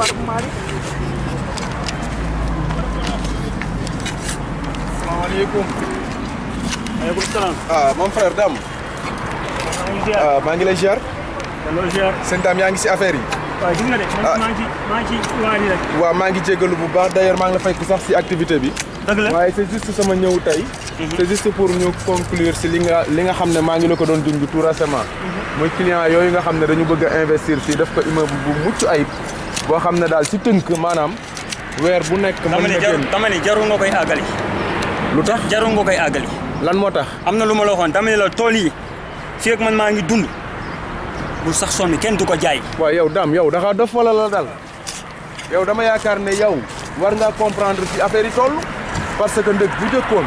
baru kemarin Assalamualaikum Waalaikumsalam ah, mon frère dam maa ngi lay ziar ah, seen daam yaa ngi si affaire yi waaw gis nga de man ah. maa ngi maa ngi waari rek waaw maa ngi bu baax d'ailleurs maa ngi la fekk sax si activité bi dëgg la waaye c'est juste sama ñëw tey mhm. c'est juste pour ñu conclure si li nga li nga xam ne maa ngi la ko doon junj tout récemment mhm. muy client yooyu nga xam dañu bëgg investir si def ko immeuble bu mucc ayib boo xam ne daal si tënk maanaam weer bu nekk mën na génn dama ne jarul nga koy àggali lu tax jarul nga koy àggali lan moo tax am na lu ma la waxoon dama ne la tool yi fii ak man maa ngi dund bu sax sonn kenn du ko jaay waaw yow daam yow dafa dof wala la dal yow dama yaakaar ne yow war nga comprendre ci affaire yi toll parce que ndëg bu jëkkoon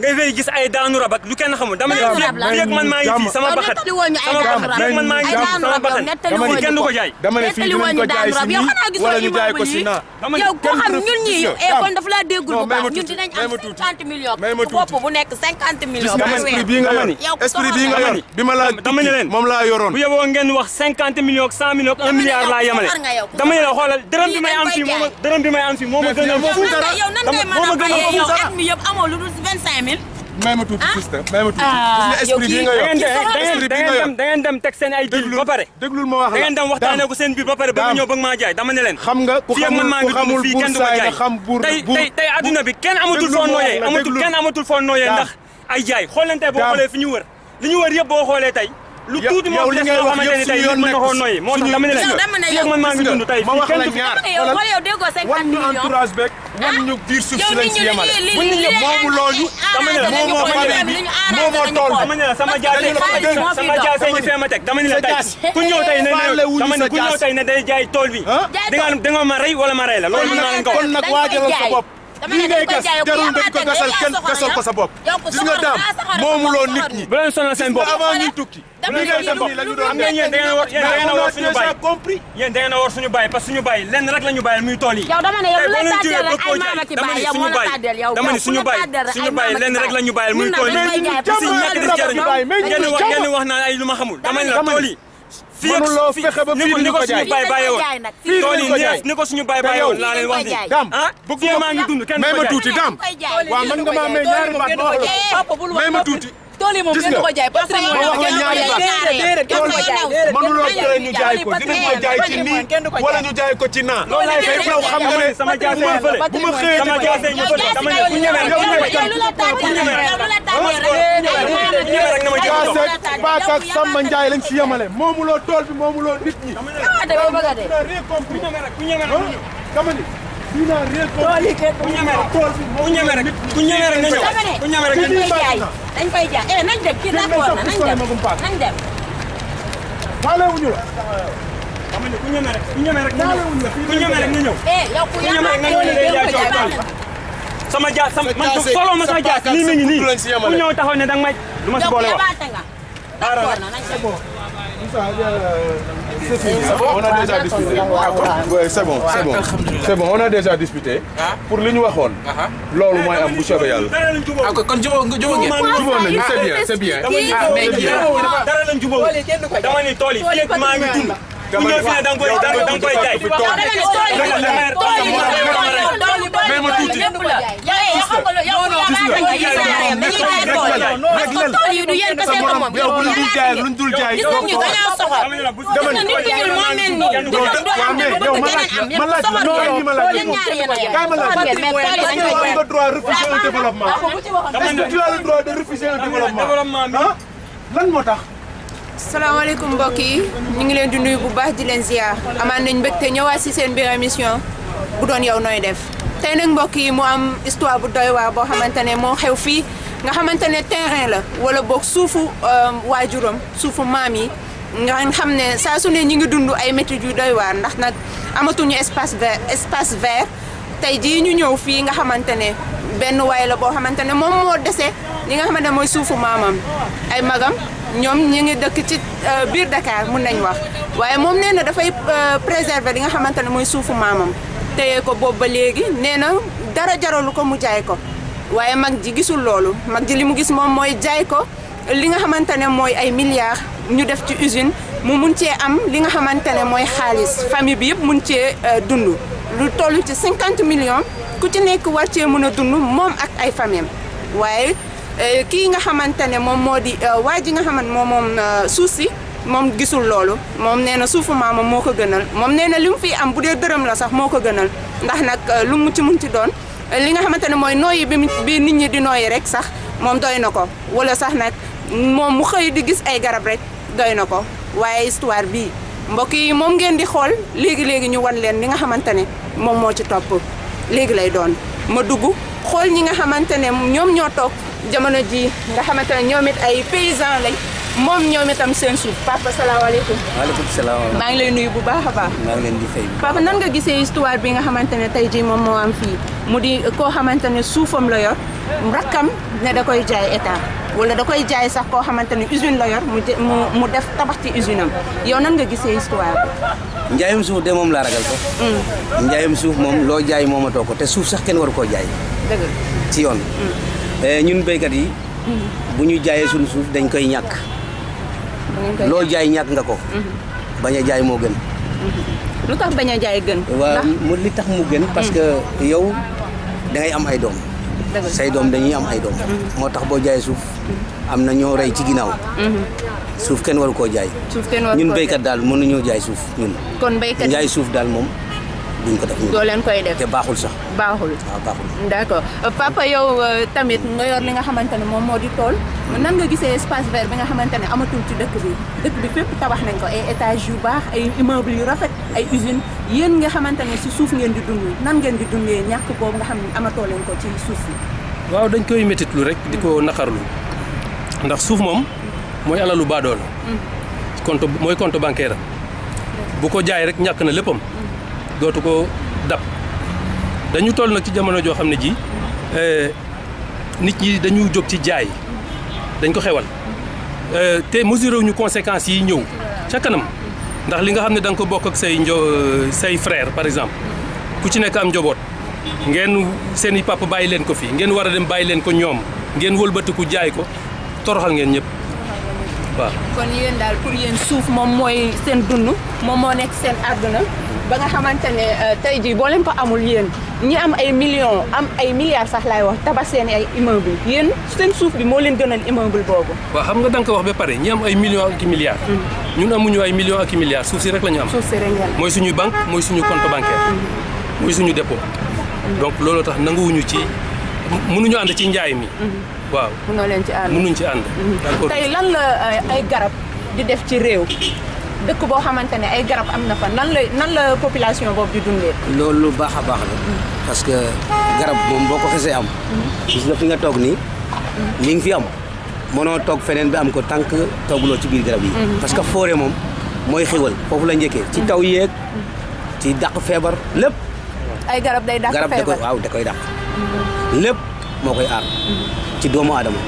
ngay ko xam ñun ñii école eh, dafa laa déggul bu baax ñun dinañ am cinquante millions bopp bu nekk cinquante millions esprit bii nga yor esprit bii nga yor bi ma laa dama ne leen bu yeboo ngeen wax cinquante millions ak la xoolal dërëm mille. may ma tuuti ah. sister may ma tuuti. Ah, yow kii da ngeen da ngeen dem da ngeen dem ma wax la da ngeen dem waxtaanee ko seen biir ba pare ba mu ñëw ba maa jaay dama ne leen. xam nga ku xamul amatul foo nooyee amatul kenn nooyee ndax ay jaay xoolante boo xoolee fi ñu wër li ñu wër yëpp lu tuuti moo des ni tey mën na koo la man maa ngi dund tey fii kenn du fi wan ñu entourage beeg ah. wan ñu biir suuf si lañ si yemale bu ñu ñëpp moomu looñu moo moo famille bi la sama jaase sama jaase ngi fee ma teg dama ne la tey ku ñëw tey ne dama ne day jaay tool bi ah? di nga ma rey wala ma rey la loolu mën naa leen ko kon nag waajal sa bopp lii ngay gas jarul dañ ko gasal kenn gasal ko sa bopp gis nga daam moomuloo nit ñi. bu leen sonal seen bopp avant ñuy tukki. lii ngay def nii la ñu doon def yéen da ngeen a war suñu bàyyi yéen da ngeen a war suñu bàyyi parce que suñu bàyyi lenn rek la ñu bàyyi muy tool yi. yow dama ne yow bu la tàddeel rek ay maama ki bàyyi yow moo la tàddeel yow dama ne suñu bàyyi suñu bàyyi lenn rek la ñu bàyyi muy tool yi si ñàkk di jariñu ngeen wax ngeen wax naan ay lu ma xamul dama ne la tool yi mënuloo fexe ba fii ni ko jaay fii ni ko jaay ni ko suñu bay bay woon laa leen wax ni ah, maa ngi dund kenn may ma tuuti dam waaw man nga maa may ñaari wax la may tool yi moom kenn du ko jaay parce que mënuloo jëlee ñu jaay ko dinañ ko jaay ci nii wala ñu jaay ko ci naa. loolu laay fay yow xam nga ne sama jaase ñu fële bu ma xëyee sama jaase ñu fële sama jaase ñu ñeme yow ñeme kan ku ñeme rek na ma jël tool paas ak Samba Ndiaye lañ si yemale moomuloo tool bi moomuloo nit ñi. dama ne dama bëgg a dee. tool yi kenn ku ñeme rek ku ñeme rek ku ñeme rek na ñëw ku ñeme rek dañ koy jaay dañ koy jaay eh nañ dem kii d'accord na nañ dem nañ dem. faalewuñu la. xam nga ku ñeme rek ku ñeme rek na ñëw ku ñeme rek na ñëw. eh yow ku ñeme rek na ñëw ne day jaay coow tool sama jaas sama man solo ma sa jaas nii mi ngi nii ku ñëw taxaw ne danga may du ma si boole wax. d'accord na nañ dem. on a déjà discuté. c'est bon, c'est bon. C'est bon, on a déjà disputé. Pour les l'homme, c'est bien c'est bien. ku ñëw fii ne da nga koy da nga koy jaay. mais ma tuuti. gis nga gis nga gis lan moo tax salaamaaleykum mbokk yi ñu ngi leen di nuyu bu baax ji leen ziar amaan nañ mbégte ñëwaat si seen biir émission bu doon yow nooy def tey nag mbokk yi moo am histoire bu doy boo xamante ne moo xew fii nga xamante ne terrain la wala boog suufu euh, waajuram suufu maam yi nga xam ne saa su ne ñi ngi dund ay métit yu doy ndax nag amatuñu espace vert espace vert tey jii ñu ñëw fii nga xamante ne benn waay la boo xamante ne moom moo dese li nga xamante mooy suufu maamam ay magam ñoom ñu ngi dëkk ci euh, biir dakaar mun nañ wax waaye moom nee na dafay euh, préserver li nga xamante ne mooy suufu maamam téye ko boobu ba léegi nee na dara jaralu ko mu jaay ko waaye mag ji gisul loolu mag ji li mu gis moom mooy jaay ko li nga xamante ne mooy ay milliards ñu def ci usine mu mun cee am li nga xamante ne mooy xaalis famille bi yëpp mun cee euh, dund lu toll ci cinquante millions ku ci nekk war cee mën a dund moom ak ay famille waaye Eh, kii nga xamante ne moom moo di eh, waa ji nga xamante moom moom eh, suuf si moom gisul loolu moom nee na suufu maamam moo ko gënal moom nee na li mu fi am bu dee dërëm la sax moo ko gënal ndax nag lu mu ci mun ci doon li nga xamante ne mooy nooyi bi bi nit ñi di nooyi rek sax moom doy na ko wala sax nag moom mu xëy di gis ay garab rek doy na ko waaye histoire bii mbokk yi moom ngeen di xool léegi léegi ñu wan leen li nga xamante ne moom moo ci topp léegi lay doon ma dugg xool ñi nga xamante ne ñoom ñoo toog jamono ji nga xamante ne ñoom it ay paysan lañ moom ñoom itam seen suuf papa salaamaaleykum. waaleykum salaam. maa ngi lay nuyu bu baax a baax. maa ngi leen di fay. papa nan nga gisee histoire bi nga xamante ne tey jii moom moo am fii mu di koo xamante ne suufam la yor rakkam ne da koy jaay état wala da koy jaay sax koo xamante ne usine la yor mu mu def tabax ci usine am yow nan nga gisee histoire bi. njaayum suuf de moom laa ragal ko. Mm. njaayum suuf moom loo jaay moomatoo ko te suuf sax kenn waru koo jaay. dëgg ci yoon. Mm. Eh, ñun baykat yi bu ñu jaayee suñu suuf dañ koy ñàkk loo jaay ñàkk nga ko mhm. bañ a jaay moo gën lu tax bañ a jaay gën waaw mu li tax mu gën parce que yow da am ay doom say doom dañuy am ay doom mhm. moo tax boo jaayee suuf am na ñoo rey ci ginnaaw mhm. suuf kenn waru koo jaay ñun béykat daal mënuñoo jaay suuf ñun kon béykat jaay suuf daal moom duñ ko def do len koy def te baxul sax baxul waaw ah, baxul d'accord euh, papa yow euh, tamit nga yor li nga xamantene mom modi tol hmm. nan nga gisee espace vert bi nga xamantene amatul ci dëkk bi dëkk bi fépp tabax nañ ko ay étage yu baax ay immeuble yu rafet ay usine yeen nga xamantene ci suuf ngeen di dund nan ngeen di dundé ñak boobu nga xam amatoo leen ko ci suuf yi waaw dañ koy métitlu rek di ko hmm. ndax suuf moom mooy alalu baadool hmm. compte mooy compte bancaire bu ko jaay rek ñàkk na léppam dootu ko dab dañu toll nag ci jamono joo xam ne ji eh, nit ñi dañu jóg ci jaay dañ ko xewal eh, te mesuré wuñu conséquences yi ñëw ca kanam ndax li nga xam ne danga ko bokk ak say njo say frère par exemple ku ci nekk am njaboot ngeen seen i papa bàyyi leen ko fii ngeen war a dem bàyyi leen ko ñoom ngeen wëlbatiku jaay ko toroxal ngeen ñëpp waaw. kon yéen daal pour yéen suuf moom mooy seen dund moom moo nekk seen àdduna ba nga xamantene eh, tay ji bo len ko amul yeen ñi am ay millions am ay milliards sax lay wax tabax seen ay immeuble yeen seen suuf bi mo leen gënal immeuble bobu wa xam nga dank wax ba paré ñi am ay millions ak milliards ñun mm. amuñu ay millions ak milliards suuf si rek lañu am suuf si rek moy suñu banque moy suñu compte bancaire moy mm. suñu dépôt mm. donc lolu tax nanguwuñu ci mënuñu and ci njaay mi waaw mëno leen ci and mënuñ ci and tay lan la eh, ay garab di def ci réew dëkk boo xamante ne ay garab am na fa nan la nan la population boobu di dundee. loolu lu baax a baax la. parce que garab moom boo ko xesee am. gis nga fi nga toog nii. li nga fi am mënoo toog feneen bi am ko tànk toogloo ci biir garab yi. Mhm. parce que forêt moom mooy xéwal foofu la njëkkee. ci taw yeeg ci dàq feebar lépp. ay garab day dàq feebar garab da koy waaw da koy dàq. Mhm. lépp moo koy aar. Mhm. ci doomu aadama.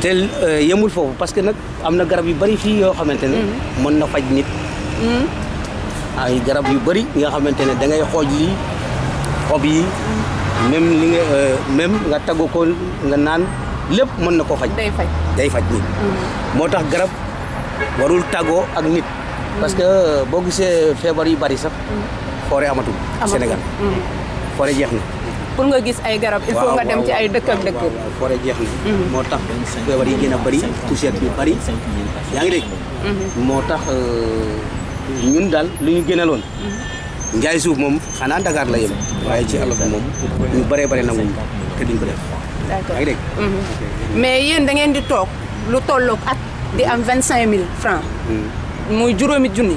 te euh, yemul foofu parce que nag am na garab yu bëri fii yoo xamante ne. Mm-hmm. mën na faj nit. Mm-hmm. ay garab yu bëri nga xamante ne da ngay xooj lii xob yi. Mm-hmm. même li nga euh, même nga taggu ko nga naan lépp mën na ko faj. day faj day faj nit. moo tax garab warul taggoo ak nit. parce que boo gisee feebar yu bari sax. forêt amatul Sénégal. forêt jeex na. pour nga gis ay garab il faut nga dem ci ay dëkk ak dëkk forêt jeex na mhm. moo tax feebar yi gën a bëri poussière yu bari yaa ngi dégg mhm. moo tax euh, ñun daal lu ñu gënaloon mhm. njaay suuf moom xanaa Dakar la yem waaye ci àll bi moom ñu bëree bëri nanguñ te duñ ko def mais yéen da ngeen di toog lu tolloog at di am vingt cinq mille francs muy juróomi junni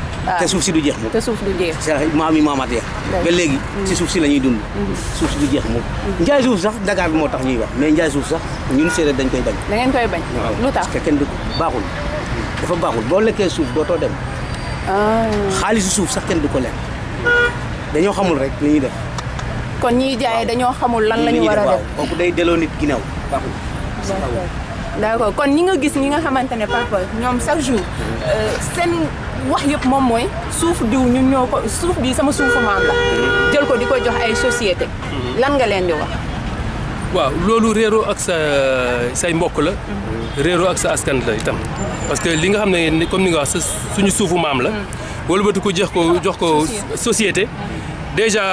Ah. te suuf si du jeex moom. te suuf du jeex. c'est maam maamaat ya ba léegi si suuf si la ñuy dund. Mhm. suuf si du jeex moom. Mhm. njaay suuf sax Dakar bi moo tax ñuy wax mais njaay suuf sax ñun séeréer dañ koy bañ. da ngeen koy bañ. lu tax kenn du baaxul. dafa baaxul boo lekkee suuf dootoo dem. Ah. xaalisu suuf sax kenn du ko lekk. dañoo xamul rek li ñuy def. kon ñiy jaayee dañoo xamul lan la ñu war a def kooku day delloo nit ginnaaw baaxul. d'accord kon ñi nga gis ñi nga xamante ne papa ñoom chaque jour mhm. euh, seen. wax yëpp moom mooy suuf diw ñu ñoo ko suuf bi sama suufu maam la mhm. jël ko di ko jox ay société mhm. lan nga leen di wax waaw loolu réero ak sa say mbokk la mhm. réeroo ak sa askan la itam parce que li nga xam ne comme ni nga wax suñu suufu maam la wëlbati ko jox ko jox ko societé déjà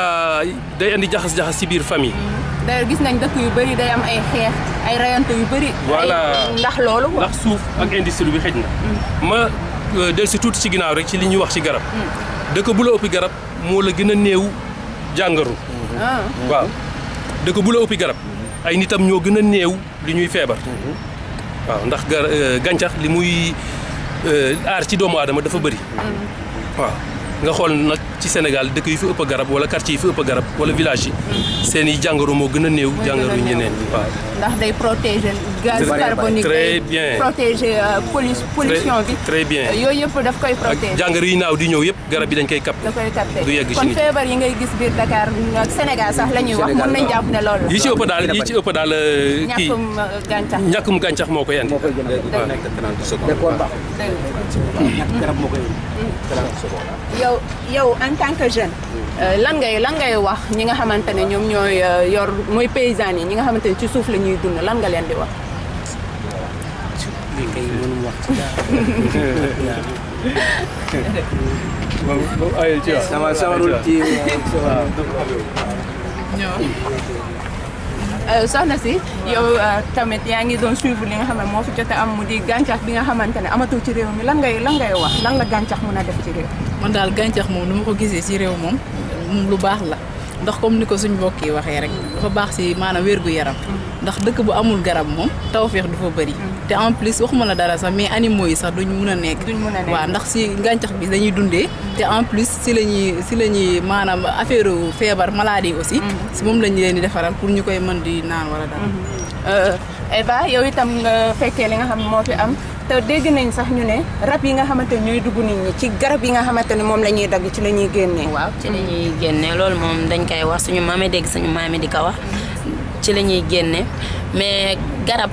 day indi jaxas-jaxas ci biir famille d'ailleurs gis nañ dëkk yu bëri day am ay xeex ay rayante yu bëri voilà ndax loolu ndax suuf ak industrie bi xëj na Euh, del si tuuti ci ginnaaw rek ci li ñuy wax ci garab dëkk bu la ëppi garab moo la gën a néew jàngaru ah. waaw dëkk bu la ëppi garab ay nitam ñoo gën a néew li ñuy feebar waaw ndax gar euh, gàncax li muy euh, aar ci doomu aadama dafa bëri mm-hmm. waaw nga xool nag ci Sénégal dëkk yu fi garab wala quartier garab wala village seen i jàngoro moo gën a néew jàngoro yi ñeneen waaw ndax day protéger gaz carbonique très bien protéger euh, bien euh, yooyu yëpp daf koy protéger naaw di ñëw yëpp garab yi dañ koy capter da kon feebar yi ngay gis biir Dakar ak Sénégal sax la ñuy wax mën nañ jàpp ne loolu yi ci ëpp daal yi ci ëpp daal euh, kii ñàkkum gàncax ñàkkum gàncax moo koy andi d'accord en tant que jeune euh, lan lan ngay wax ñi nga xamante ne ñoom ñooy euh, yor mooy paysans yi ñi nga xamante ne ci suuf la ñuy dund lan nga leen di wax kay mënum wax Euh, soxna si yow euh, tamit yaa ngi doon suivre li nga xam moo fi jot am mu di gàncax bi nga xamante ne amatul ci réew mi lan ngay lan ngay wax lan la gàncax mun a def ci réew man daal gàncax moom nu ma ko gisee ci réew moom moom lu baax la ndax comme ni ko suñ mbokk yi waxee rek dafa baax si maanaam wérgu yaram ndax dëkk bu amul garab moom tawféex du fa bëri te en plus waxuma la dara sax mais animaux yi sax duñ mun a nekk waaw ndax si gàncax bi dañuy dundee te en plus si la ñuy si la ñuy maanaam affaire feebar maladie aussi mm. si moom la ñu leen di defaral pour ñu koy mën di naan wala dara mm-hmm. Euh, Eva yow itam nga fekkee li nga xam moo fi am te dégg nañ sax ñu ne rab yi nga xamante ni ñooy dugg nit ñi ci garab yi nga xamante ne moom la ñuy dagg ci la ñuy génnee. waaw ci la ñuy génnee loolu moom dañ koy wax suñu maame dégg suñu maame di ko wax mm-hmm. ci la ñuy génne mais garab.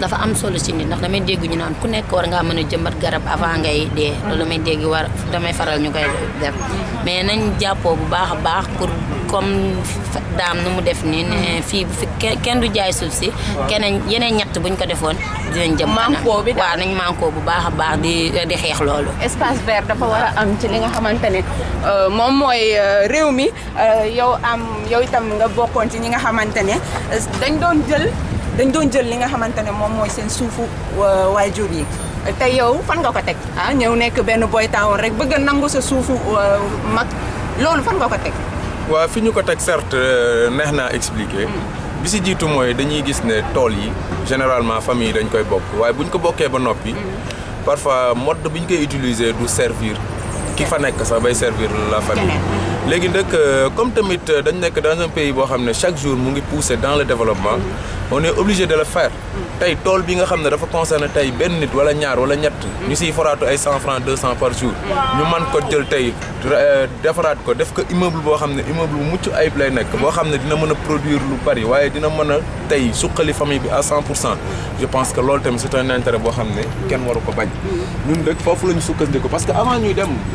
dafa am solo ci nit ndax damay dégg ñu naan ku nekk war ngaa mën a jëmbat garab avant ngay dee loolu damay dégg war damay faral ñu koy def mais nañ jàppoo bu baax a baax pour comme daam nu mu def nii mm. fii bu kenn du jaay suuf si keneen yeneen ñett buñ ko defoon dinañ jëm kanam waaw nañ manko bu baax a baax di di xeex loolu espace vert dafa war a am ci li nga xamante ne euh, moom mooy euh, réew mi euh, yow am yow itam nga bokkoon ci ñi nga xamante ne dañ doon jël dañ doon jël li nga xamante ne moom mooy seen suufu euh, waajur yi te yow fan nga ko teg ah ñëw nekk benn boy taawoon rek bëgg nangu sa suufu euh, mag loolu fan nga ko teg waaw fi ñu ko teg certes euh, neex naa expliquer hmm. bi si jiitu mooy dañuy gis ne tool yi généralement famille dañ koy bokk waaye buñ ko bokkee ba noppi hmm. parfois mode bi ñu koy utiliser du servir ki fa nek sax bay servir la famille léegi nek euh, comme tamit euh, dañ nek dans un pays bo xamné chaque jour mu ngi pousser dans le développement mm-hmm. on est obligé de le faire mm-hmm. tay tol bi nga xamné dafa concerner tay ben nit wala ñaar wala ñett mm-hmm. ñu ci foratu ay 100 francs 200 par jour ñu man ko jël tay euh, defarat ko def ko immeuble bo xamné immeuble bu muccu ayib lay nek bo xamné dina mën produire lu bari waye dina mën tay tey suqali famille bi à 100%. je pense que lol tamit c'est un intérêt bo xamné ne kenn waru ko bañ ñun dëkk fofu la ñu sukkandiku parce que avant ñuy dem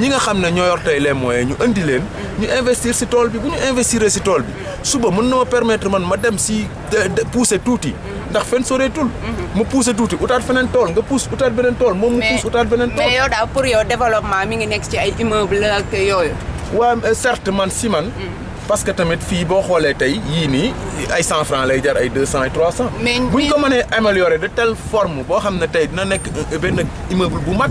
ñi nga xam ne ñoo yor les moyens ñu indi leen ñu investir si tool bi bu ñu investir si tool bi suba mën na ma permettre man ma dem si pousser tuuti ndax fen soreetul ma mhm. pousser tuuti utaat feneen tool nga pousse utaat beneen tool moom mu pousse utaat beneen tool mais yow da, pour yow développement mi ngi nekk ci ay immeuble ak yooyu waaw euh, certes man si man mhm. parce que tamit fi bo xolé tay yi ni ay 100 francs lay jar ay 200 et 300. mais buñ ko mané améliorer de telle forme bo xamné tay tey dina nekk euh, benn immeuble bu mag.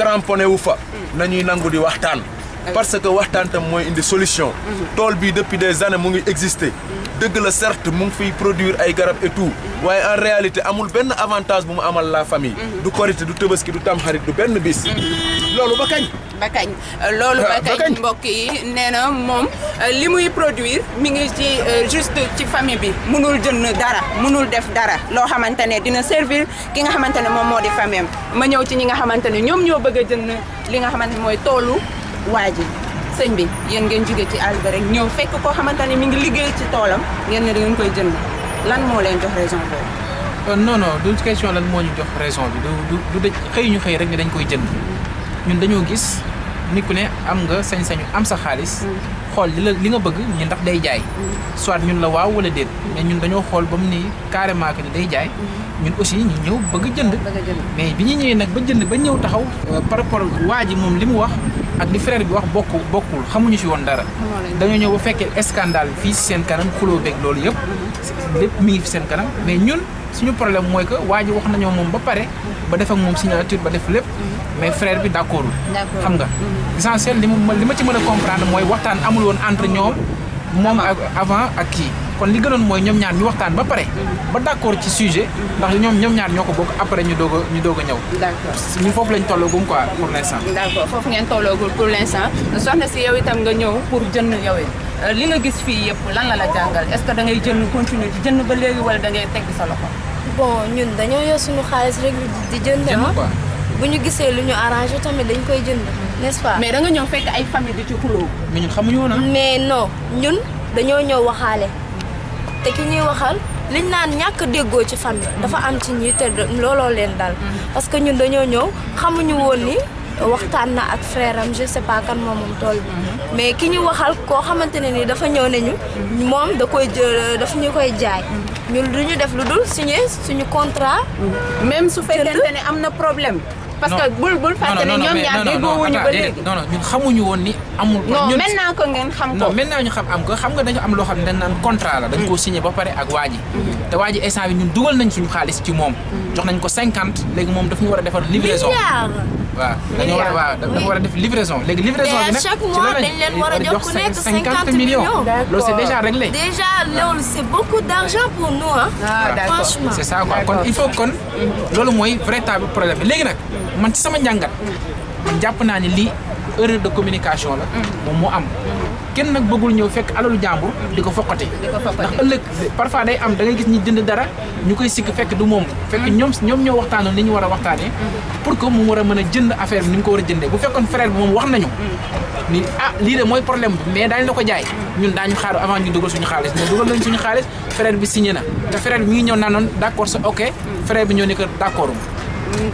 cramponné wu fa mm. nañuy nangu di waxtaan Euh, parce que waxtaan moy indi solution. Mhm. tol bi depuis des années mu ngi exister. Mhm. deug la certes mu ngi produire ay garab et tout. Mhm. waye en réalité amul ben avantage bu mu amal la famille. du korité du tebeski du tamxarit du ben bis. loolu ba kañ. ba kañ euh, loolu ba ah, kañ mbokk yi nee mom moom euh, li muy produire mi ngi ci juste ci famille bi mënul jënd dara mënul def dara lo xamantene ne dina servir ki nga xamantene mom modi famille ma ñëw ci ñi nga xamantene ñom ñoo bëgg jënd li nga xamantene moy tolu waa ji sëñ bi yéen ngeen jóge ci àll ba rek ñëw fekk koo xamante ne mu ngi liggéey ci toolam ngeen ne da ngeen koy jënd lan moo leen jox raison boobu. Euh, non non du question lan moo ñu jox raison bi du du du xëy ñu xëy rek ne dañ koy jënd ñun dañoo gis nikku ku ne am nga sañ-sañu am sa xaalis. Mm. xool li la li nga bëgg ñu ndax day jaay. Mm. soit ñun la waaw wala déet. Mm. mais ñun dañoo xool ba mu ni carrément que ni day jaay. ñun aussi ñu ñëw bëgg jënd. mais bi ñu ñëwee nag ba jënd ba ñëw taxaw. Euh, par waa ji moom li mu wax. ak di frère bi wax bokk bokkul xamuñu ci woon dara dañoo ñëw ba fekkee scandale fii si seen kanam xuloo beeg loolu yëpp mhm. lépp mi ngi fi seen kanam mais ñun suñu problème mooy que waa ji wax nañoo moom ba pare ba def ak moom signature ba def lépp mhm. mais frère bi d'accordul xam nga mhm. essentiel li ma li ma ci mën a comprendre mooy waxtaan amul woon entre ñoom moom ak avant ak kii kon li gënoon mooy ñoom ñaar ñu waxtaan ba pare. ba d'accord ci sujet. ndax ñoom ñoom ñaar ñoo ko bokk après ñu doog a ñu doog a ñëw. d'accord ñu foofu lañ tolloogum quoi pour l'instant. d'accord foofu ngeen tolloogul pour l'instant soxna si yow itam nga ñëw pour jënd yow euh, li nga gis fii yëpp lan la la jàngal est-ce que da ngay jënd continuer di jënd ba léegi wala da ngay teg sa loxo. bon ñun dañoo yor suñu xaalis rek di jënd. jënd bu ñu gisee lu ñu arrangé tamit dañ koy jënd. n'est-ce mais da nga ñëw fekk ay famille di ci xuloo. mais ñun xamuñu woon ah. mais non ñun dañoo ñëw waxaale te ki ñuy waxal liñ naan ñàkk déggoo ci famille. dafa am ci ñi te looloo leen dal. Mm-hmm. parce que ñun dañoo ñëw xamuñu woon ni. waxtaan na ak frère am je sais pas kan moom moom tool bi mm-hmm. mais ki ñu waxal koo xamante ne ni dafa ñëw nañu mm-hmm. moom da koy daf ñu koy jaay ñun du ñu def lu dul signer suñu contrat même su fekkente ne am na problème parce que bul bul fàtte ne ñoom ñaar déggoowuñu ba léegi eh, non ñun xamuñu woon ni amul non maintenant que ngeen xam ko non maintenant ñu xam am ko xam nga dañu am loo xam ne dañ naan contrat la dañ koo signé ba pare ak waa ji mm-hmm. te waa ji ñun dugal nañ suñu xaalis ci moom mm-hmm. jox nañ ko cinquante léegi moom dafa ñu war a defar livraison livraison chaque mois millions c'est déjà réglé déjà ah. c'est beaucoup d'argent pour nous hein. ah, franchement c'est ça il faut qu'on... C'est un vrai problème erreur de communication la mm. moom moo am kenn nag bëggul ñëw fekk alalu jàmbur di ko fokkati ndax ëllëg parfois day am da ngay gis ñi jënd dara ñu koy sikk fekk du moom fekk mm. ñoom ñoom ñoo waxtaanoon li ñu war a waxtaanee mm. pour que mu war a mën a jënd affaire bi ni mu ko war a bu fekkoon frère bi wax nañu ni ah lii de mooy problème bi mais daañu la ko jaay ñun daañu xaaru avant ñu dugal suñu xaalis mais dugal nañ suñu xaalis frère bi signé na te frère bi mi ngi ñëw naanoon d' accord sa ok frère bi ñoo ne que d'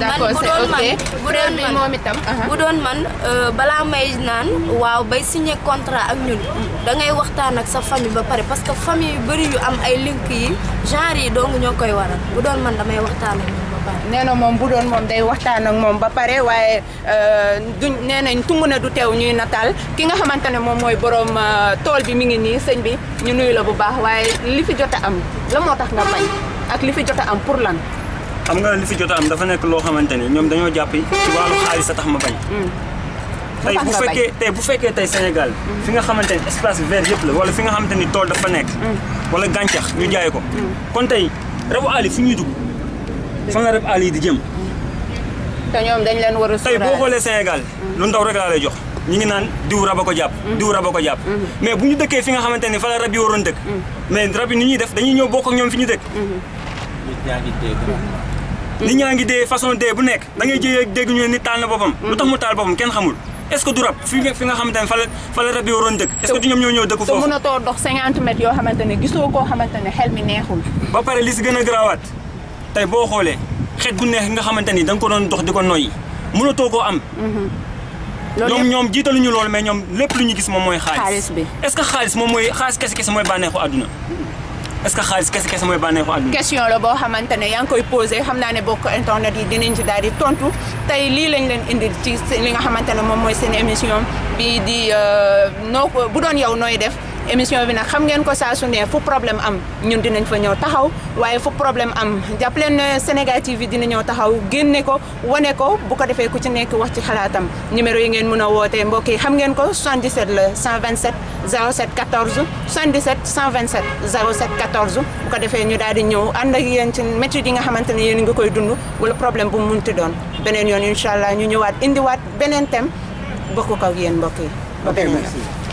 d'accord c'est ok bu doon man moom itam bu doon man uh-huh. Uh-huh. Euh, balaa may naan waaw bay signé contrat ak ñun da ngay waxtaan ak sa famille ba pare parce que famille yu bëri yu am ay link yi genre yi dong ñoo koy waral bu doon man damay waxtaan ak ñun neena mom bu doon mom day waxtaan ak mom ba paré waye euh duñ nenañ tunguna du ñuy natal ki nga xamantene mom borom euh, tol bi mi ngi ni señ bi ñu nuyu la bu baax li fi am la ngapai, nga bañ ak li fi am pour lan xam nga li fi jot am dafa nekk loo xamante ni ñoom dañoo jàpp ci wàllu xaalis a tax ma bañ. tey bu fekkee tey bu fekkee tey Sénégal mm. fi nga xamante ni espace vert yëpp la wala fi nga xamante ni tool dafa nekk. Mm. wala gàncax ñu jaay ko. Mm. kon tey rabu àll fi ñuy dugg fan la rabu àll yi di jëm. dañ leen war a tey boo xoolee Sénégal lu ndaw rek laa lay jox. ñu ngi naan diw raba ko jàpp diw raba ko jàpp mais bu ñu dëkkee fi nga xamante ni fa la rab yi waroon dëkk mais rab yi ni ñuy def dañuy ñëw bokk ak ñoom fi ñu dëkk nit ñaa ngi dee façon dee bu nekk da ngay jëyee dégg ñu ne nit taal na boppam lu tax mu taal boppam kenn xamul est-ce que du rab fi nga fi fa la fa waroon dëkk est-ce que du ñoom ñoo ñëw foofu te mënatoo dox 50 mètres yoo xamante gisoo koo xamante xel mi neexul ba pare li si gën a garaawaat tey boo xoolee xet gu neex nga xamante ni da nga ko doon dox di ko noyyi mënatoo koo am mhm. ñoom ñoom jiitaluñu loolu mais ñoom lépp lu ñu gis moom mooy xaalis est-ce que moom mooy xaalis kese kese mooy bànneexu àdduna est-ce que xaalis kese kese mooy bànneexu àdduna question la boo xamante ne yaa ngi koy posé xam naa ne bokk internet yi dinañ ci daal di tontu tey lii lañ leen indil ci li nga xamante ne moom mooy seen mission bi di euh, noo bu doon yow nooy def émission bi nag xam ngeen ko saa su ne fu problème am ñun dinañ fa ñëw taxaw waaye fu problème am jàpp leen ne Sénégal TV dina ñëw taxaw génne ko wane ko bu ko defee ku ci nekk wax ci xalaatam numéro yi ngeen mën a wootee mbokk yi xam ngeen ko 77 la 127 07 14 77 127 07 14 bu ko defee ñu daal di ñëw ànd ak yéen ci métti yi nga xamante ne yéen nga koy dund wala problème bu mu munti doon beneen yoon incha allah ñu ñëwaat indiwaat beneen thème bokk ko ak yéen mbokk yi. ba